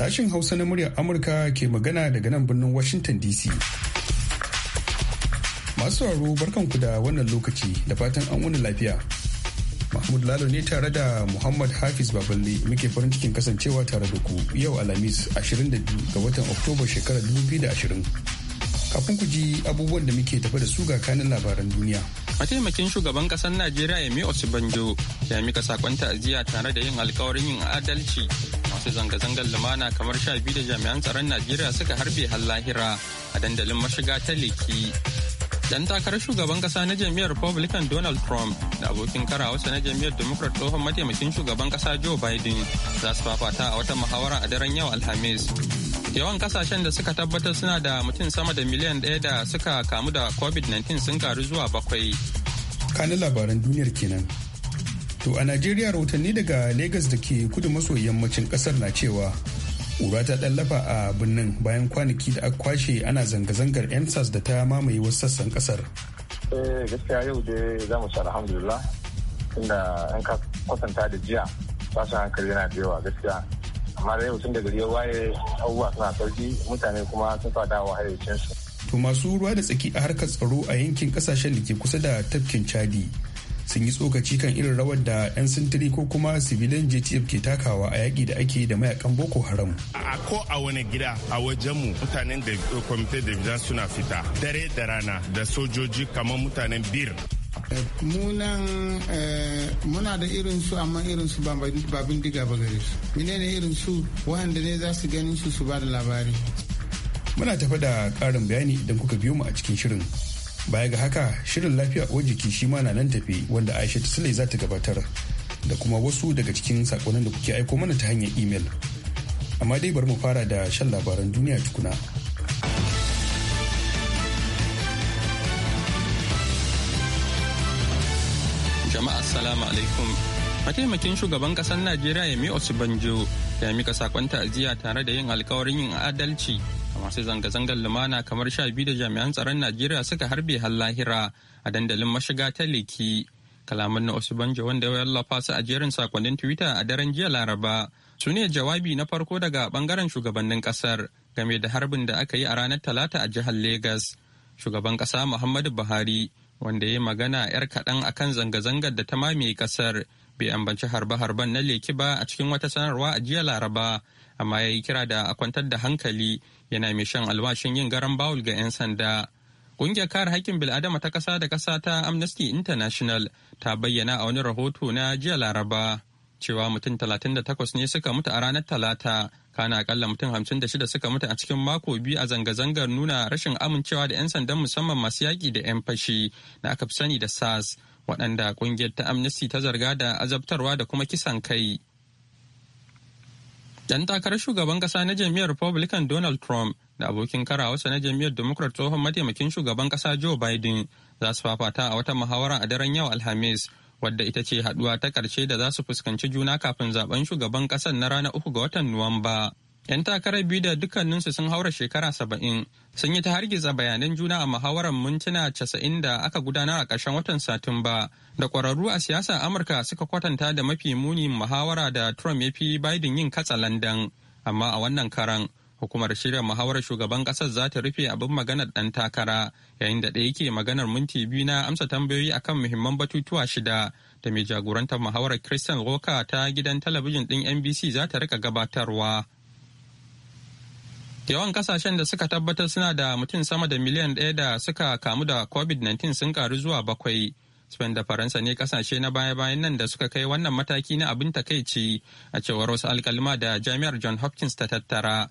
Sashen Hausa na muryar Amurka ke magana daga nan birnin Washington DC. Masu sauraro barkanku da wannan lokaci da fatan an wani lafiya. Mahmud Lalo ne tare da Muhammad Hafiz Baballe muke farin cikin kasancewa tare da ku yau Alhamis 22 ga watan Oktoba shekarar 2020. Kafin ku ji abubuwan da muke tafi da su ga kanin labaran duniya. Mataimakin shugaban kasar Najeriya Yemi Osibanjo ya mika sakon ta'aziyya tare da yin alkawarin yin adalci masu zanga-zangar lumana kamar sha biyu da jami'an tsaron najeriya suka harbe lahira a dandalin mashiga ta leki dan takarar shugaban kasa na jami'ar republican donald trump da abokin kara karawarsa na jami'ar democrat tsohon mataimakin shugaban kasa joe biden za su fafata a wata muhawara a daren yau alhamis yawan kasashen da suka tabbatar suna da mutum sama da miliyan ɗaya da suka kamu da covid-19 sun karu zuwa bakwai kanin labaran duniyar kenan To a Najeriya rahotanni daga Legas da ke kudu maso yammacin kasar na cewa ƙura ta ɗallafa a birnin bayan kwanaki da aka kwashe ana zanga-zangar 'yan da ta mamaye wasu sassan kasar. Eh, da jiya hankali yana da yawa gaskiya amma da yau To masu ruwa da tsaki a harkar tsaro a yankin kasashen da ke kusa da tafkin Chadi sun yi tsokaci kan irin rawar da 'yan sintiri ko kuma sibilan jtf ke takawa a yaƙi da ake da mayakan boko haram a ko a wani gida a wajenmu mutanen da eh, kwamitin da suna fita dare da rana da sojoji kamar mutanen bir eh, munan eh, muna da irin su amma irin su ba bindiga ba gare su ne irin su wanda ne za su ganin su su ba da labari muna tafi da ƙarin bayani idan kuka biyo mu a cikin shirin baya ga haka shirin lafiya uwar jiki shi ma na nan tafi wanda aisha sule za ta gabatar da kuma wasu daga cikin sakonnin da kuke aiko mana ta hanyar imel amma dai bari mu fara da shan labaran duniya tukuna jama'a assalamu alaikum mataimakin shugaban kasar najeriya yami osibanjo ya mika sakon ta'aziyya tare da yin alkawarin yin adalci masu zanga-zangar lumana kamar sha biyu da jami'an tsaron najeriya suka harbe har lahira a dandalin mashiga ta leki kalaman na osubanjo wanda ya wallafa su a jerin sakonnin twitter a daren jiya laraba su ne jawabi na farko daga bangaren shugabannin kasar game da harbin da aka yi a ranar talata a jihar Legas. shugaban kasa muhammadu buhari wanda ya yi magana 'yar kaɗan akan zanga-zangar da ta mamaye ƙasar bai ambanci harbe-harben na leki ba a cikin wata sanarwa a jiya laraba amma ya yi kira da a kwantar da hankali yana mai shan alwashin yin garan bawul ga 'yan sanda ƙungiyar kare hakkin bil'adama ta ƙasa da ƙasa ta amnesty international ta bayyana a wani rahoto na jiya laraba cewa mutum 38 ne suka mutu a ranar talata kana akalla mutum 56 suka mutu a cikin mako biyu a zanga-zangar nuna rashin amincewa da 'yan sandan musamman masu yaƙi da 'yan fashi na aka fi sani da sars waɗanda ƙungiyar ta amnesty ta zarga da azabtarwa da kuma kisan kai 'yan takarar shugaban ƙasa na jam'iyyar republican donald trump da abokin karawarsa na jam'iyyar democrat tsohon mataimakin shugaban ƙasa joe biden za su fafata a wata muhawara a daren yau alhamis wadda ita ce haduwa ta karshe da za su fuskanci juna kafin zaben shugaban ƙasar na ranar uku ga watan Nuwamba. 'Yan takarar biyu da dukkaninsu sun haura shekara saba'in sun yi ta hargitsa bayanan juna a muhawarar mintuna casa'in da aka gudanar a ƙarshen watan Satumba da ƙwararru a siyasa Amurka suka kwatanta da mafi muni muhawara da Trump ya fi Biden yin katsa landan Amma a wannan karan hukumar shirya muhawarar shugaban kasar za ta rufe abin maganar ɗan takara yayin da ɗaya yake maganar minti biyu na amsa tambayoyi akan muhimman batutuwa shida da mai jagorantar muhawarar christian roka ta gidan talabijin ɗin nbc za ta rika gabatarwa yawan kasashen da suka tabbatar suna da mutum sama da miliyan ɗaya da suka kamu da covid-19 sun karu zuwa bakwai Spain da Faransa ne kasashe na baya-bayan nan da suka kai wannan mataki na abin takaici a cewar wasu alkalima da jami'ar John Hopkins ta tattara.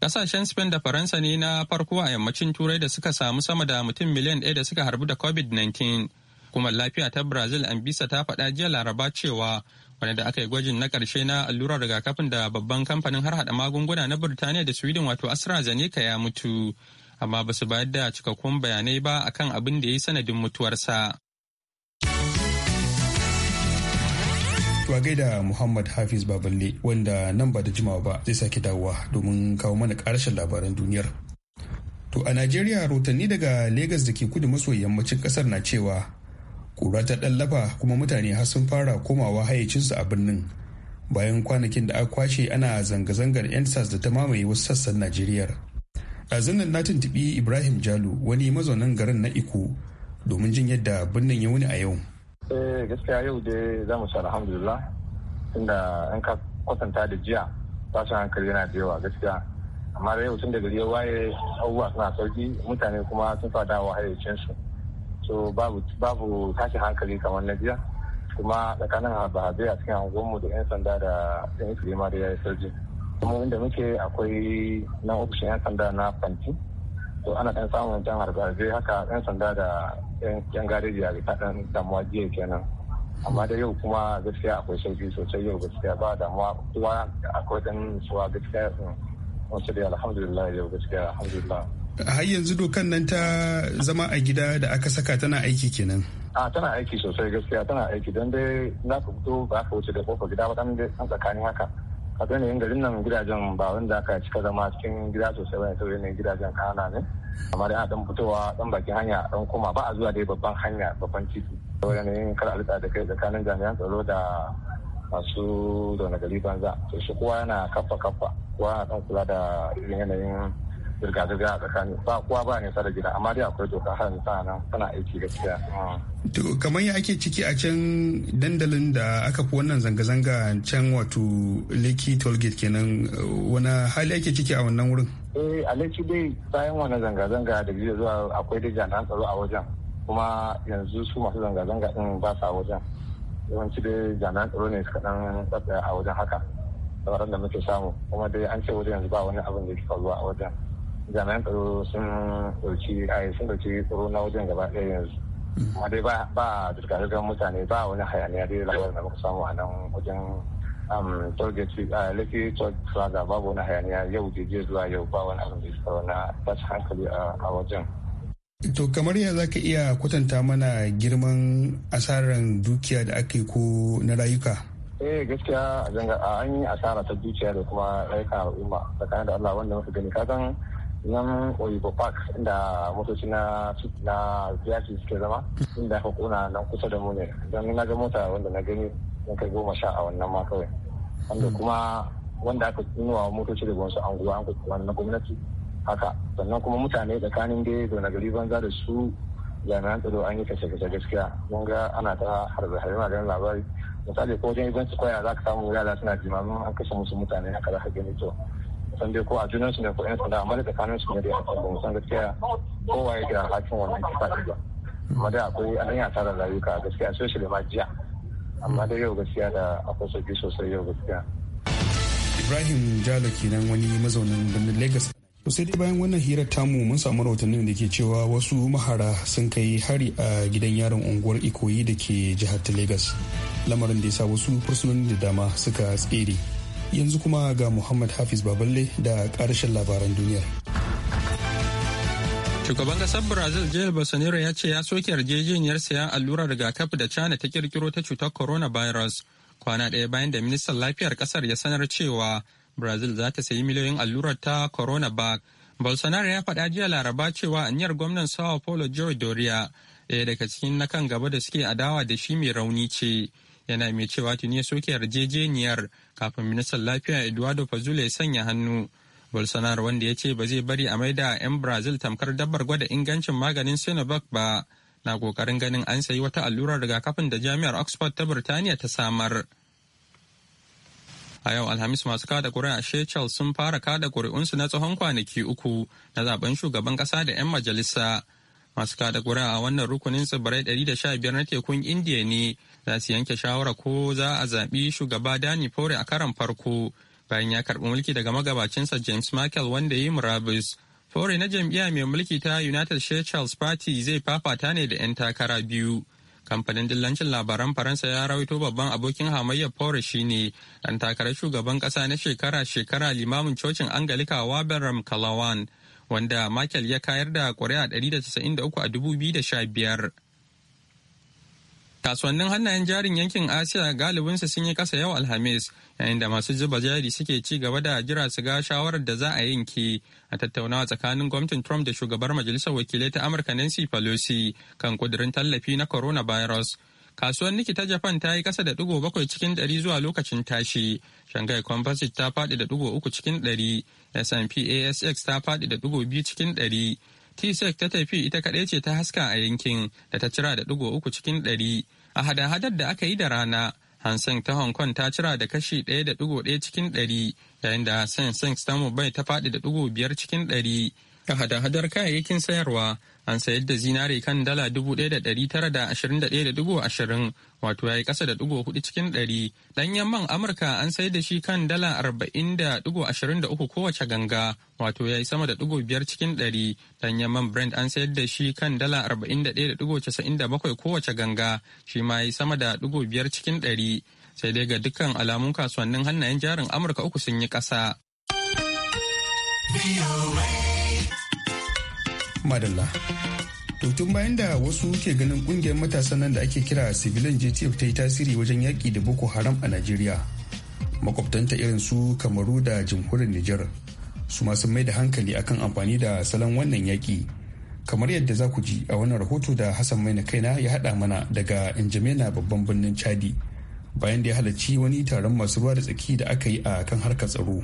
Kasashen Spain da Faransa ne na farko a yammacin Turai da suka samu sama da mutum miliyan ɗaya da suka harbu da COVID-19. kuma lafiya ta Brazil an bisa ta faɗa jiya Laraba cewa wani da aka yi gwajin na ƙarshe na allurar rigakafin da babban kamfanin har hada magunguna na Birtaniya da Sweden wato AstraZeneca ya mutu. Amma ba su bayar da cikakkun bayanai ba akan abin da ya yi sanadin mutuwarsa. To a gaida Muhammad Hafiz Baballe wanda nan ba da jimawa ba zai sake dawowa domin kawo mana ƙarshen labaran duniyar. To a Najeriya rotanni daga Legas da ke kudu maso yammacin kasar na cewa kura ta ɗallafa kuma mutane har sun fara komawa hayyacinsu a birnin bayan kwanakin da aka kwashe ana zanga-zangar 'yan sas da ta mamaye wasu sassan Najeriya. A zannan na tuntuɓi Ibrahim jalu wani mazaunin garin na Iko domin jin yadda birnin ya wuni a yau. eh gaskiya yau dai za mu ci alhamdulillah tunda in ka kwatanta da jiya tashin hankali yana da yawa gaskiya amma da yau tun da gari waye abubuwa suna sauki mutane kuma sun fada wa su so babu babu hankali kamar na jiya kuma tsakanin habe a cikin angonmu da 'yan sanda da 'yan kirima da ya yi sauki kuma inda muke akwai nan ofishin 'yan sanda na fanti to ana ɗan samun jan harbe haka 'yan sanda da yan gareji a ta damuwa jiya kenan amma da yau kuma gaskiya akwai sauki sosai yau gaskiya ba damuwa kuma akwai ɗan suwa gaskiya wasu da alhamdulillah yau gaskiya alhamdulillah har yanzu dokan nan ta zama a gida da aka saka tana aiki kenan a tana aiki sosai gaskiya tana aiki don dai za ka fito ba ka wuce da kofar gida ba ɗan tsakanin haka a kan yin garin nan gidajen ba wanda aka cika zama cikin gida sosai ba saboda yanayin gidajen kana ne amma dai dan fitowa dan bakin hanya dan koma ba a zuwa dai babban hanya babban titi saboda yanayin kar alƙa da kai tsakanin jami'an tsaro da masu zaune gari banza to shi kowa yana kaffa kaffa kowa yana kula da yanayin zirga-zirga a tsakanin ba kowa ba ne da gida amma dai akwai doka har nisa nan tana aiki gaskiya. To kamar ya ake ciki a can dandalin da aka fi wannan zanga-zanga can wato Lekki Tollgate kenan wani hali ake ciki a wannan wurin? Eh a Lekki dai bayan wannan zanga-zanga da biyu zuwa akwai da jami'an tsaro a wajen kuma yanzu su masu zanga-zanga din ba sa wajen yawanci dai jami'an tsaro ne suka dan a wajen haka. Sauran da muke samu kuma dai an ce wajen yanzu ba wani abin da ya faruwa a wajen. jami'an tsaro sun ɗauki sun dauki tsaro na wajen gaba ɗaya yanzu amma dai ba zirga mutane ba wani hayaniya dai labarin da muka samu a nan wajen um, a lafi babu wani hayaniya yau da jiya zuwa yau ba wani abin da ya na tashi hankali a wajen To kamar ya zaka iya kwatanta mana girman asarar dukiya da aka ko na rayuka? Eh gaskiya an yi asara ta dukiya da kuma rayuka al'umma tsakanin da Allah wanda muka gani kasan nan oyibo park inda motoci na na biyaki suke zama inda aka kuna nan kusa da mu ne don na ga mota wanda na gani don kai goma sha a wannan ma kawai wanda kuma wanda aka nuwa motoci daga wasu anguwa an kuma na gwamnati haka sannan kuma mutane tsakanin dai zaune gari banza da su jami'an tsaro an yi kashe-kashe gaskiya mun ga ana ta harbe-harbe na ganin labari misali ko wajen ibanci kwaya za ka samu yara suna jimamin an kashe musu mutane haka za ka gani to san dai ko a junan su ne ko yan sanda amma da tsakanin su ne da yasan ba san gaskiya kowa ya da hakin wannan kisa ba amma dai akwai an yi asarar rayuka gaskiya sun shi da ma jiya amma dai yau gaskiya da akwai sauki sosai yau gaskiya. Ibrahim Jalo kenan wani mazaunin birnin Lagos. sai dai bayan wannan hirar tamu mun samu rahotannin da ke cewa wasu mahara sun kai hari a gidan yaron unguwar Ikoyi da ke jihar ta Lagos. Lamarin da ya sa wasu fursunonin da dama suka tsere. yanzu kuma ga muhammad hafiz baballe da karshen labaran duniyar shugaban kasar brazil jair bolsonaro ya ce ya soke yarjejeniyar sayan allurar rigakafi da china ta kirkiro ta cutar coronavirus kwana ɗaya bayan da ministan lafiyar kasar ya sanar cewa brazil za ta sayi miliyoyin allurar ta corona coronavac bolsonaro ya faɗa jiya laraba cewa aniyar gwamnan sao paulo joe doria ɗaya daga cikin na kan gaba da suke adawa da shi mai rauni ce yana mai cewa tuni ya soke yarjejeniyar kafin ministan lafiya eduardo fazula ya sanya hannu bolsonaro wanda ya ce ba zai bari a maida 'yan brazil tamkar dabbar gwada ingancin maganin sinovac ba na kokarin ganin an sayi wata allurar rigakafin da jami'ar oxford ta birtaniya ta samar a yau alhamis masu kada kuri'a shechel sun fara kada kuri'unsu na tsawon kwanaki uku na zaben shugaban kasa da 'yan majalisa masu kada ƙuri'a a wannan rukunin tsibirai 115 na tekun indiya ne za su yanke shawara ko za a zaɓi shugaba dani fore a karan farko bayan ya karɓi mulki daga magabacinsa james michael wanda yi murabus fore na jam'iyya mai mulki ta united Charles party zai fafata ne da 'yan takara biyu kamfanin dillancin labaran faransa ya rawaito babban abokin hamayyar fore shine dan takarar shugaban ƙasa na shekara-shekara limamin cocin angalika waberam kalawan wanda Merkel ya kayar da ƙuri'a 193 a 2015. Kasuwannin hannayen jarin yankin Asiya galibinsa sun yi kasa yau Alhamis, yayin da masu zuba jari suke ci gaba da jira su ga shawarar da za a yanke a tattaunawa tsakanin gwamnatin Trump da shugabar Majalisar Wakilai ta Amurka Nancy Pelosi kan kudirin tallafi na coronavirus. kasuwar niki ta japan ta yi kasa da digo bakwai cikin ɗari zuwa lokacin tashi shanghai composite ta faɗi da digo uku cikin ɗari S&P ASX ta faɗi da digo biyu cikin ɗari TSEC ta tafi ita kaɗai ce ta haska a yankin da ta cira da digo uku cikin ɗari a hada-hadar da aka yi da rana Hansen ta Hong Kong ta cira da kashi ɗaya da digo ɗaya cikin ɗari yayin da Hang ta Mumbai ta faɗi da digo biyar cikin ɗari a hada-hadar kayayyakin sayarwa an sayar da zinare kan dala 1,921.20 wato ya yi ƙasa da digo hudu cikin ɗari. Ɗanyen man Amurka an sayar da shi kan dala 40.23 kowace ganga wato ya yi sama da digo biyar cikin ɗari. Ɗanyen man Brent an sayar da shi kan dala 41.97 kowace ganga shi ma ya yi sama da digo biyar cikin ɗari. Sai dai ga dukkan alamun kasuwannin hannayen jarin Amurka uku sun yi kasa. madalla to tun bayan da wasu ke ganin kungiyar matasan nan da ake kira civilian jtf ta yi tasiri wajen yaƙi da boko haram a najeriya makwabtanta irin su kamaru da jamhuriyar nijar su masu mai da hankali akan amfani da salon wannan yaƙi kamar yadda za ku ji a wannan rahoto da hassan maina kaina ya haɗa mana daga injamena babban birnin chadi bayan da ya halarci wani taron masu ruwa da tsaki da aka yi a kan harkar tsaro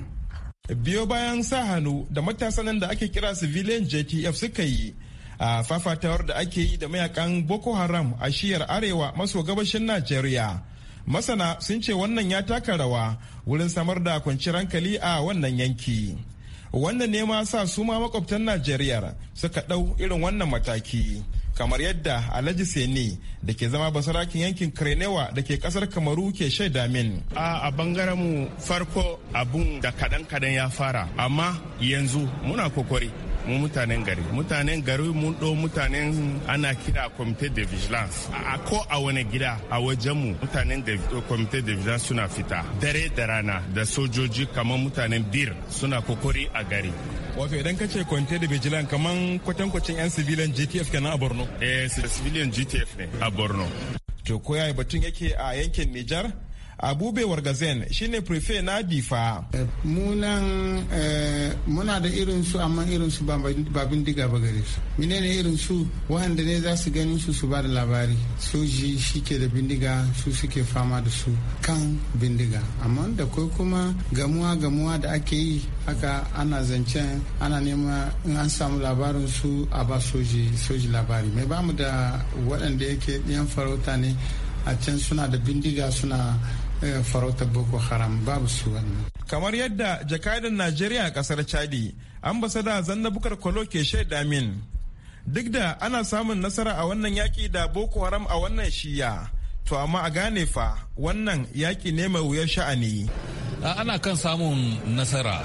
biyo bayan sa hannu da matasan da ake kira civilian jtf suka yi a fafatawar da ake yi da mayakan boko haram a shiyar arewa maso gabashin najeriya masana sun ce wannan ya taka rawa wurin samar da kwanciyar hankali a wannan yanki wannan ne ma sa su ma makwabtan najeriya suka ɗau irin wannan mataki kamar yadda alhaji sene da ke zama basarakin yankin krenewa da ke kasar kamaru ke shaida min a bangaren mu farko abun da kadan kadan ya fara amma yanzu muna kokori mu mutanen gari mutanen gari mun ɗo mutanen ana kira comité de vigilance a ko a wani gida a wajenmu mutanen da comité de vigilance suna fita dare da rana da sojoji kamar mutanen bir suna kokori a gari wato idan ka ce comité de vigilance kaman kwatankwacin 'yan civilian gtf kenan a borno eh civilian gtf ne a borno to ko yaya batun yake a yankin nijar abubewar gazen shine prefe na difa eh, munan eh, muna da irin su amma irin su ba bindiga ba gare su menene irin su wanda ne za su ganin su su ba da labari soji shike da bindiga su suke fama da su kan bindiga amma da kai kuma gamuwa gamuwa da ake yi haka ana zancen ana nema in an samu labarin su a ba soji soji labari mai bamu da waɗanda yake ɗiyan farauta ne a can suna da bindiga suna eh, farautar boko haram babu su wannan kamar yadda jakadan najeriya a kasar chadi ambasada zannabukar kwalo ke shaida min duk da ana samun nasara a wannan yaki da boko haram a wannan shiya to amma a gane fa wannan yaki ne mai wuyar sha'ani ana kan samun nasara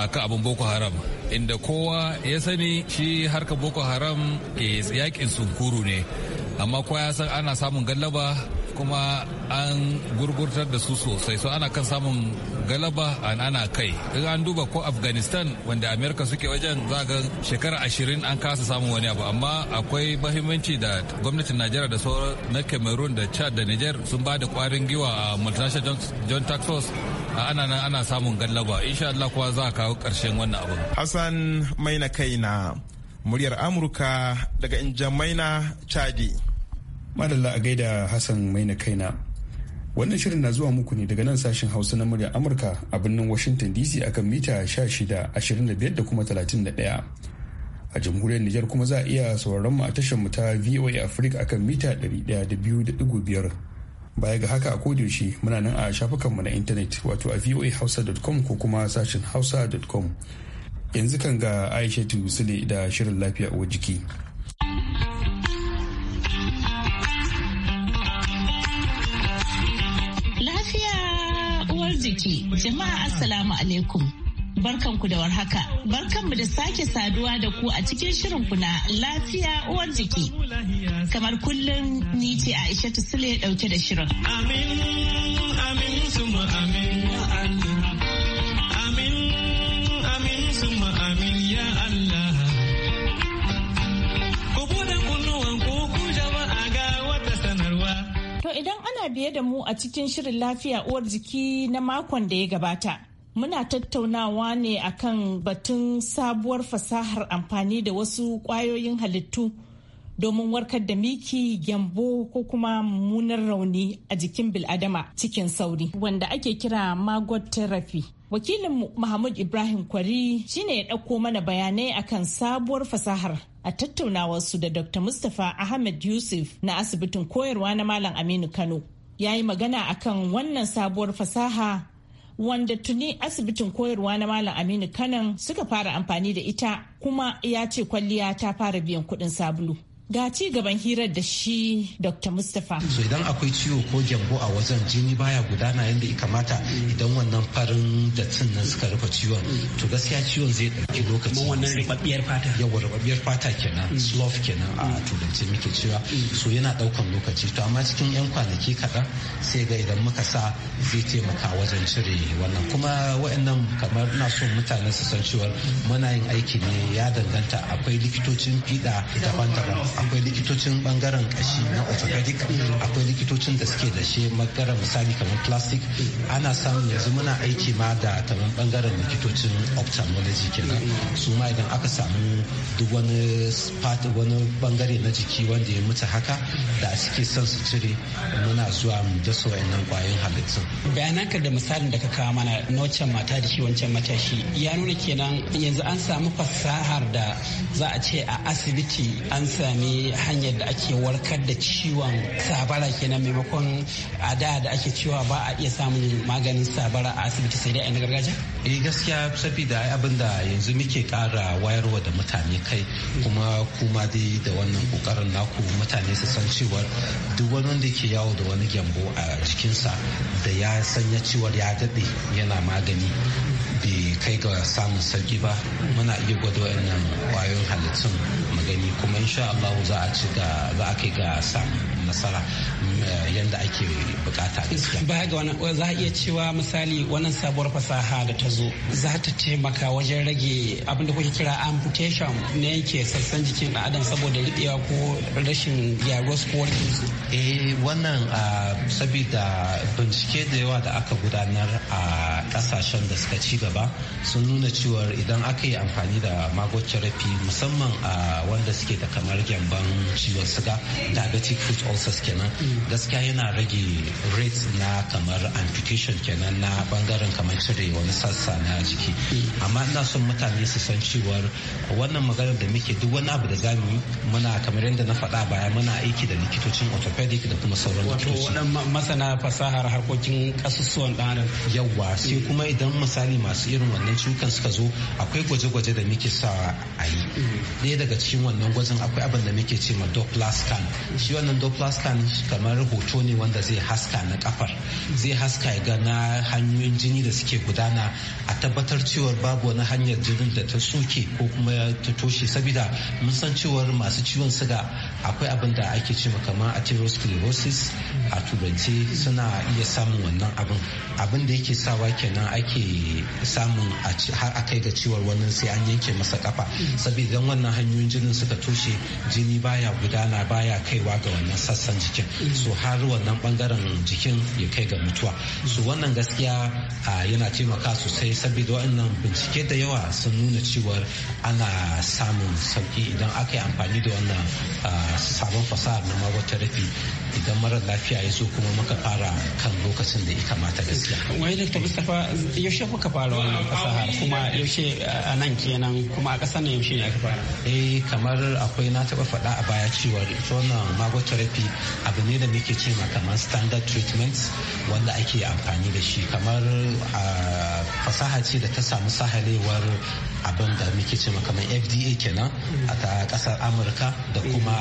a kan abin boko haram inda kowa ya sani shi harkar boko haram ke eh, yakin sunkuru ne amma kwa ya san ana samun galaba kuma an gurgurtar da su sosai so ana kan samun galaba an ana kai in an duba ko afghanistan wanda amerika suke wajen zaga shekara ashirin an kasa samun wani abu amma akwai mahimmanci da gwamnatin najeriya da sauran na cameroon da chad da niger sun ba da kwarin giwa a multinational joint tax ana nan ana samun galaba insha Allah kuwa za a kawo karshen wannan abu Hassan maina kaina muryar Amurka daga Injamaina Chadi. madalla a gaida hassan maina kaina wannan shirin na zuwa muku ne daga nan sashen hausa na murya amurka a birnin washington dc akan mita 16 da kuma 31 a jamhuriyar Nijar kuma za a iya sauraron mu a tashar mu ta VOA Africa akan mita 102.5 baya ga haka a kodiyoshi muna nan a shafukanmu na intanet wato a voahausa.com ko kuma sashen hausa.com yanzu kan ga Aisha Sule da shirin lafiya uwar jiki. jiki. Jama'a Assalamu alaikum. Barkanku da warhaka. Barkanmu da sake saduwa da ku a cikin shirin kuna lafiya uwar jiki. Kamar kullum ni ce Aisha Sule dauke da shirin. Amin, amin, suma amin, allah amin, amin, suma amin, ya Allah. idan ana biye da mu a cikin shirin lafiya uwar jiki na makon da ya gabata, muna tattaunawa ne akan batun sabuwar fasahar amfani da wasu kwayoyin halittu domin warkar da miki gyambo ko kuma mummunar rauni a jikin biladama cikin sauri wanda ake kira magot therapy wakilin muhammad ibrahim kwari shine ya ɗauko mana bayanai akan sabuwar fasahar a tattaunawarsu da Dr. Mustapha Ahmed Yusuf na asibitin koyarwa na Malam Aminu Kano. Ya yi magana akan wannan sabuwar fasaha wanda tuni asibitin koyarwa na Malam Aminu Kano suka fara amfani da ita kuma ya ce kwalliya ta fara biyan kuɗin sabulu. ga ci gaban hirar da shi Dr. Mustapha. So idan akwai ciwo ko gyambo a wajen jini baya gudana yadda ya kamata idan wannan farin dattin nan suka rufe ciwon to gaskiya ciwon zai ɗauki lokaci. Mun wannan ribabbiyar fata. Yawa ribabbiyar fata kenan slough kenan a turanci muke cewa so yana ɗaukan lokaci to amma cikin 'yan kwanaki kaɗan sai ga idan muka sa zai taimaka wajen cire wannan kuma wayannan kamar na so mutane su san cewa muna yin aiki ne ya danganta akwai likitocin fiɗa daban-daban akwai likitocin bangaren kashi na orthopedic akwai likitocin da suke da shi magara misali kamar plastic ana samun yanzu muna aiki ma da kamar bangaren likitocin ophthalmology kenan su ma idan aka samu duk wani part wani bangare na jiki wanda ya mutu haka da suke son su cire muna zuwa mu su wayannan kwayoyin halittun ka da misalin da ka kawo mana na wancan mata da shi wancan matashi ya nuna kenan yanzu an samu fasahar da za a ce a asibiti an sami sami hanyar da ake warkar da ciwon sabara kenan maimakon a da da ake cewa ba a iya samun maganin sabara a asibiti sai dai a gargajiya? eh gaskiya saboda abin da yanzu muke kara wayarwa da mutane kai kuma kuma dai da wannan kokarin naku mutane su san cewa duk wani wanda ke yawo da wani gyambo a jikinsa da ya sanya cewar ya daɗe yana magani bai kai ga samun sarki ba muna iya gwada wayannan kwayoyin halittun gani kuma insha Allah za a ci ga za a kai ga samun nasara eh, yadda ake bukata baya ga wani za a iya cewa misali wannan sabuwar fasaha da ta zo za ta taimaka wajen rage abin da kuke kira amputation na yanke sassan jikin ɗan adam saboda riɗewa ko rashin gyaruwar su ko warkin eh wannan ah, sabida bincike da yawa da aka gudanar a ah, kasashen da suka ci gaba sun nuna cewar idan aka yi amfani da rafi musamman a wanda suke da kamar gyamban ciwon suga diabetic foot ulcers kenan gaskiya yana rage rate na kamar amputation kenan na bangaren kamar cire wani sassa na jiki amma ina son mutane su san cewar wannan maganar da muke duk wani abu da zamu yi muna kamar yadda na faɗa baya muna aiki da likitocin orthopedic da kuma sauran likitoci masana fasahar harkokin kasusuwan ɗan adam yawa sai kuma idan misali masu irin wannan cikin suka zo akwai gwaje-gwaje da muke sa a yi ɗaya daga cikin wannan gwajin akwai abin da muke ce ma doppler scan shi wannan doppler scan kamar hoto ne wanda zai haska na kafar zai haska ya ga na hanyoyin jini da suke gudana a tabbatar cewar babu wani hanyar jinin da ta suke ko kuma ta toshe sabida mun san cewar masu ciwon suga akwai abin da ake cewa kamar atherosclerosis a turanci suna iya samun wannan abin abin da yake sawa kenan ake samun har akai ga ciwar wannan sai an yanke masa kafa saboda wannan hanyoyin jinin suka toshe jini baya gudana baya kaiwa ga wannan sassan jikin so har wannan bangaren jikin ya kai ga mutuwa so wannan gaskiya yana taimaka sosai saboda wannan bincike da yawa sun nuna cewa ana samun sauki idan aka yi amfani da wannan sabon fasahar na magwatarafi idan mara lafiya ya zo kuma muka fara kan lokacin da ya kamata gaskiya. wani Dr. Mustapha yaushe kuka fara wannan fasahar kuma yaushe a nan kenan kuma a kasar nan yaushe ne aka fara? Eh kamar akwai na taba faɗa a baya cewa ita wannan magwatarafi abu ne da muke ce ma kamar standard treatment wanda ake amfani da shi kamar ah, fasaha ce da ta samu sahalewar abin da muke cewa kamar fda kenan a ta kasar amurka da kuma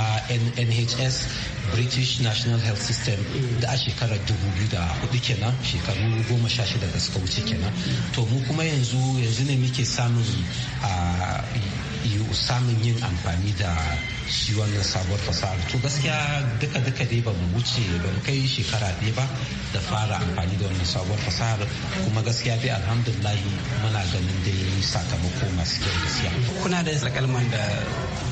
nhs british national health system da a shekarar 2004 kenan shekaru goma sha shida da suka wuce kenan to mu kuma yanzu yanzu ne muke samun ah, samun yin amfani da shi wannan sabuwar fasahar to gaskiya duka duka dai ba mu wuce ba mu kai shekara ɗaya ba da fara amfani da wannan sabuwar fasahar kuma gaskiya dai alhamdulillahi muna ganin dai sakamako masu kyau gaskiya kuna da alƙalman da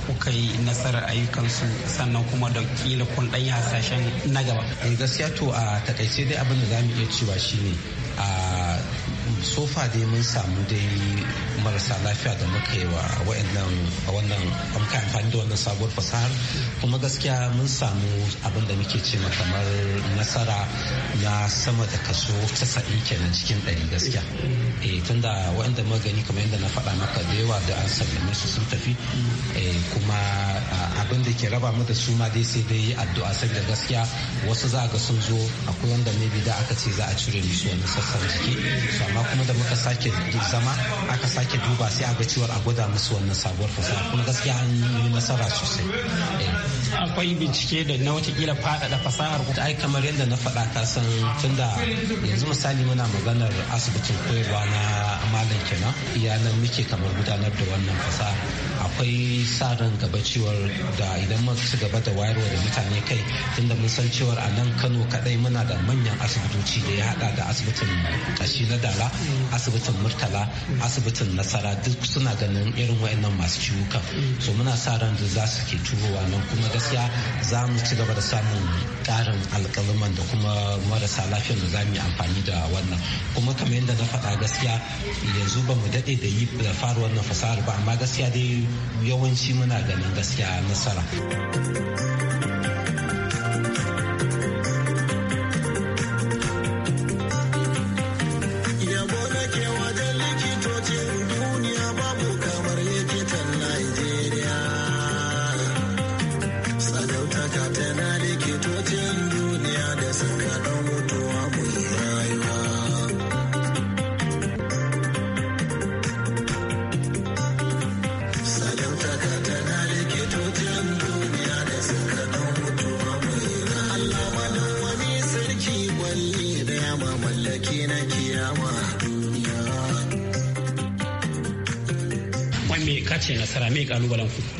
kuka yi nasarar ayyukansu sannan kuma da kila kun ɗan hasashen na gaba eh, gaskiya to a takaice dai abin da za mu iya cewa shine a sofa dai mun samu dai marasa lafiya da muka yi wa wannan amka amfani da wannan sabuwar fasahar kuma gaskiya mun samu abin da muke ce kamar nasara na sama da kaso 90 kenan cikin ɗari gaskiya eh tunda waɗanda magani kamar yadda na faɗa maka da yawa da an sallame su sun tafi eh, kuma abin da ke raba mu da su ma dai sai dai addu'a da gaskiya wasu za ga sun zo akwai wanda bi da aka ce za a cire musu wani sassan jiki amma kuma da muka sake zama aka sake ake duba sai a ga cewa a gwada musu wannan sabuwar fasaha kuma gaskiya an yi nasara sosai eh. akwai bincike da na watakila faɗaɗa fasahar ku ai kamar yadda na faɗa ka san tunda yanzu misali muna maganar asibitin koyarwa na malam kenan iyalan muke kamar gudanar da wannan fasaha akwai sa ran gaba cewar da idan ma ci gaba da wayarwa da mutane kai tunda mun san cewar a nan kano kadai muna da manyan asibitoci da ya hada da asibitin kashi na dala asibitin murtala asibitin nasara duk suna ganin irin wayannan masu ciwuka so muna sa ran da za su ke turowa nan kuma gaskiya za mu ci gaba da samun karin alkalaman da kuma marasa lafiyar da za mu yi amfani da wannan kuma kamar yadda na faɗa gaskiya yanzu ba mu daɗe da yi da faruwar na fasahar ba amma gaskiya dai yawanci muna ganin gaskiya nasara.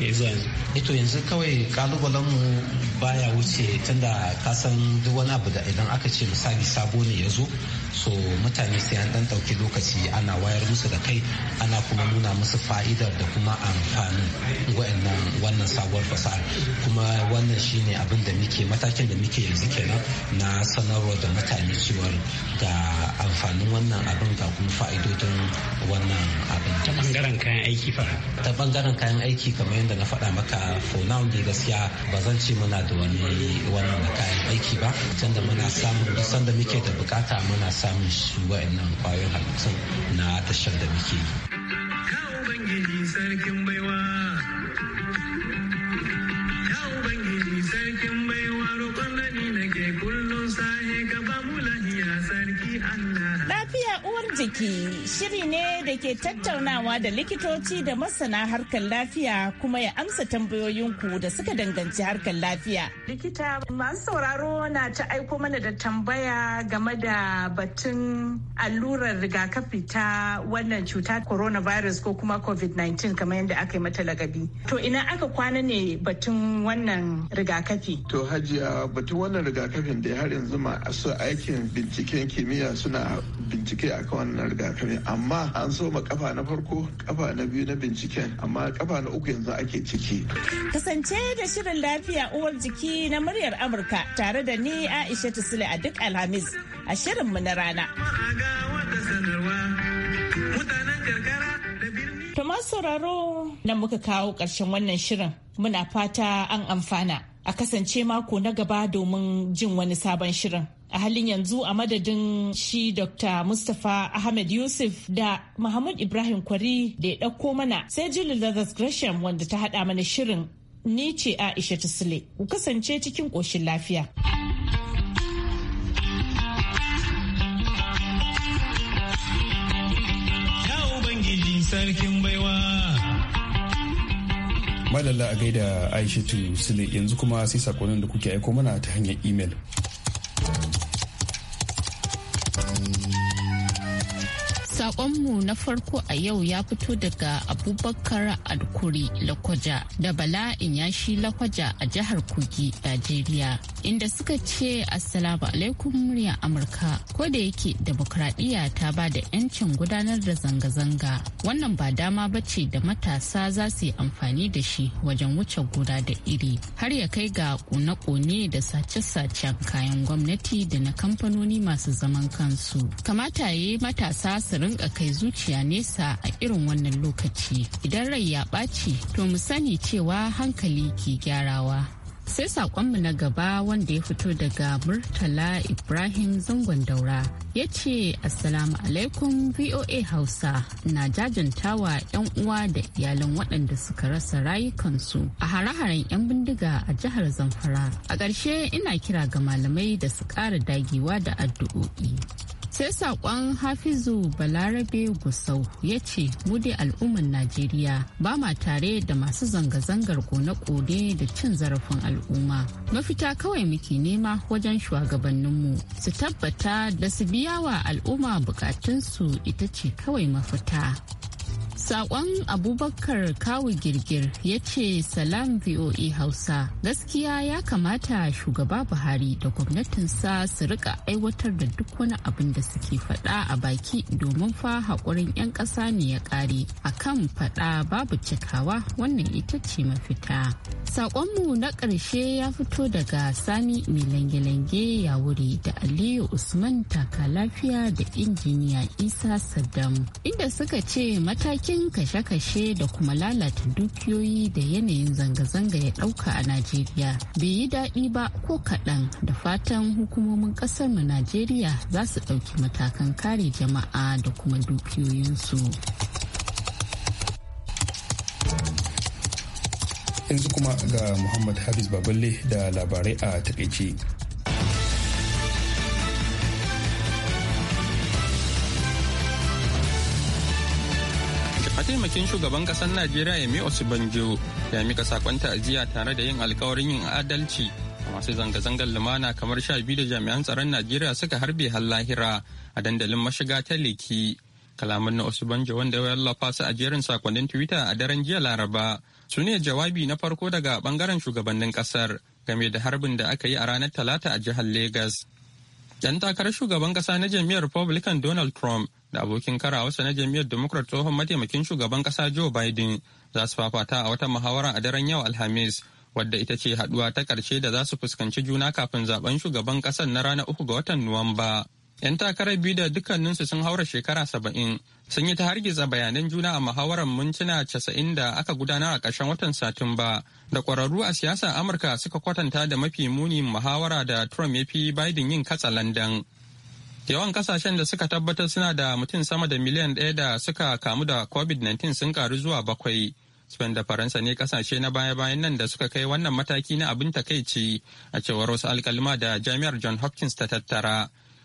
Exato. zuwa yanzu. Ito yanzu kawai baya wuce tunda kasan duk wani abu da idan aka ce misali sabo ne ya zo so mutane sai an dan ɗauki lokaci ana wayar musu da kai ana kuma nuna musu fa'idar da kuma amfanin wa'annan wannan sabuwar fasahar kuma wannan shine abin da muke matakin da muke yanzu kenan na sanarwa da mutane cewa ga amfanin wannan abin ga kuma fa'idodin wannan abin ta bangaren kayan aiki fa ta bangaren kayan aiki kamar yadda na faɗa maka for now gaskiya ba zan ce muna da wani na kayan aiki ba tunda muna samun dusan da muke da bukata muna samun su wa'annan kwayoyin halittu na tashar da muke yi. sarkin baiwa arziki shiri ne da ke tattaunawa da likitoci da masana harkar lafiya kuma ya amsa tambayoyinku da suka danganci harkar lafiya. Likita masu sauraro na ta aiko mana da tambaya game da batun allurar rigakafi ta wannan cuta coronavirus ko kuma covid-19 kamar yadda aka yi mata lagabi. To ina aka kwana ne batun wannan rigakafi? To hajiya batun wannan rigakafin da har yanzu aikin binciken kimiyya suna bincike akan wannan rigakafin amma an so ma kafa na farko kafa na biyu na binciken amma kafa na uku yanzu ake ciki kasance da shirin lafiya uwar jiki na muryar amurka tare da ni aisha sule a duk alhamis a shirinmu na rana To sauraro nan muka kawo ƙarshen wannan shirin muna fata an amfana. a kasance mako na gaba domin jin wani sabon shirin. A halin yanzu a madadin shi Dr. Mustapha Ahmed Yusuf da Muhammad Ibrahim Kwari da ya ɗauko mana sai Julie Lazarus Gresham wanda ta haɗa mana shirin. Ni ce Aisha Tisle, ku kasance cikin ƙoshin lafiya. Sarkin Malala a gaida Aishatu Sule yanzu kuma sai sakonin da kuke aiko mana ta hanyar imel. Sakonmu na farko a yau ya fito daga Abubakar Alkuri Lakwaja da Bala Inyashi Lakwaja a jihar Kogi, Najeriya, inda suka ce Assalamu alaikum muryar Amurka. Ko da yake demokradiyya ta ba da 'yancin gudanar da zanga-zanga, wannan ba dama ba ce da matasa za su yi amfani da shi wajen wuce guda da iri, har ya kai ga kone-kone da sace-sacen kayan gwamnati da na kamfanoni masu zaman kansu. Kamata ya yi matasa su rinka rika kai zuciya nesa a irin wannan lokaci idan rai ya ɓaci to mu sani cewa hankali ke gyarawa sai saƙonmu na gaba wanda ya fito daga murtala ibrahim zangon daura ya ce assalamu alaikum voa hausa na jajantawa 'yan uwa da iyalan waɗanda suka rasa rayukansu a hare-haren 'yan bindiga a jihar zamfara a ƙarshe ina kira ga malamai da su ƙara dagewa da addu'o'i sai saƙon hafizu balarabe gusau ya ce dai al'umman najeriya ba ma tare da masu zanga-zangar kone-kone da cin zarafin al'umma mafita kawai muke nema wajen shugabanninmu su tabbata da su biya wa al'umma bukatunsu ita ce kawai mafita Sakon Abubakar Kawu Girgir ya ce Salam VOA Hausa gaskiya ya kamata shugaba Buhari da gwamnatinsa su rika aiwatar da duk wani abin da suke fada a baki domin fa haƙurin 'yan ƙasa ne ya ƙare kan fada babu cikawa wannan ita ce mafita. Sakonmu na ƙarshe ya fito daga Sani mai lange ya wuri da Aliyu Usman taka lafiya da injiniya Isa Saddam inda suka ce matakin batun kashe-kashe da kuma lalata dukiyoyi da yanayin zanga-zanga ya dauka a Najeriya bai yi daɗi ba ko kaɗan da fatan hukumomin ƙasar mu Najeriya za su ɗauki matakan kare jama'a da kuma dukiyoyinsu. Yanzu kuma ga Muhammad Habis Baballe da labarai a takaice. mataimakin shugaban kasar najeriya yemi osibanjo ya mika sakon ta'aziyya tare da yin alkawarin yin adalci a masu zanga-zangar lumana kamar sha biyu da jami'an tsaron najeriya suka harbe har lahira a dandalin mashiga ta leki kalaman na osibanjo wanda ya wallafa su a jerin sakonnin twitter a daren jiya laraba su ne jawabi na farko daga bangaren shugabannin kasar game da harbin da aka yi a ranar talata a jihar Legas yan takarar shugaban kasa na jam'iyyar Republican Donald Trump da abokin karawarsa na jam'iyyar Democrat tsohon mataimakin shugaban kasa Joe Biden za su fafata a wata muhawara a daren yau Alhamis wadda ita ce haduwa ta ƙarshe da za su fuskanci juna kafin zaben shugaban ƙasar na ranar uku ga watan Nuwamba. 'Yan takarar biyu da dukkaninsu sun haura shekara saba'in sun yi ta hargitsa bayanan juna a muhawarar mintuna casa'in da aka gudanar a ƙarshen watan Satumba da ƙwararru a siyasa Amurka suka kwatanta da mafi muni muhawara da Trump ya fi Biden yin katsa Landan. Yawan kasashen da suka tabbatar suna da mutum sama da miliyan ɗaya da suka kamu da COVID-19 sun karu zuwa bakwai. Spain da Faransa ne kasashe na baya-bayan nan da suka kai wannan mataki na abin takaici a cewar wasu alkalima da jami'ar John Hopkins ta tattara.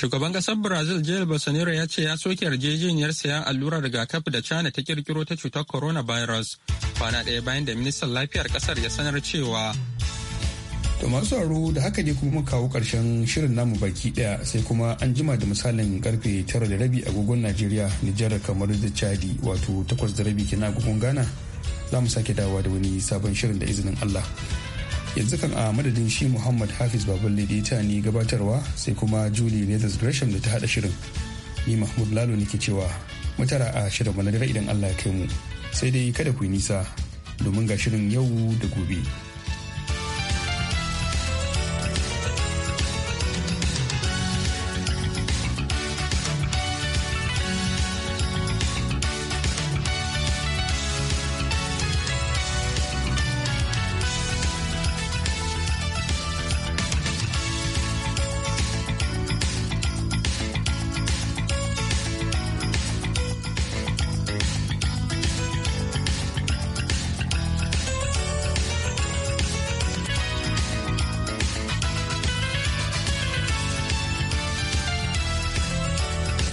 Shugaban ƙasar Brazil Jair Bolsonaro ya ce ya soke yarjejeniyar sayan allurar rigakafi da China ta kirkiro ta cutar coronavirus kwana ɗaya bayan da ministan lafiyar ƙasar ya sanar cewa. To masu aro da haka ne kuma kawo ƙarshen shirin namu baki ɗaya sai kuma an jima da misalin karfe tara da rabi agogon Najeriya, Nijar kamar da Chadi wato takwas da rabi kenan agogon Ghana. Za mu sake dawowa da wani sabon shirin da izinin Allah. yanzu kan a madadin shi muhammad hafiz babban da ni gabatarwa sai kuma julie nathan gresham da ta hada shirin ni mahmud lalo nake cewa mutara a shirin dare idan allah ya kai mu sai dai kada ku yi nisa domin ga shirin yau da gobe.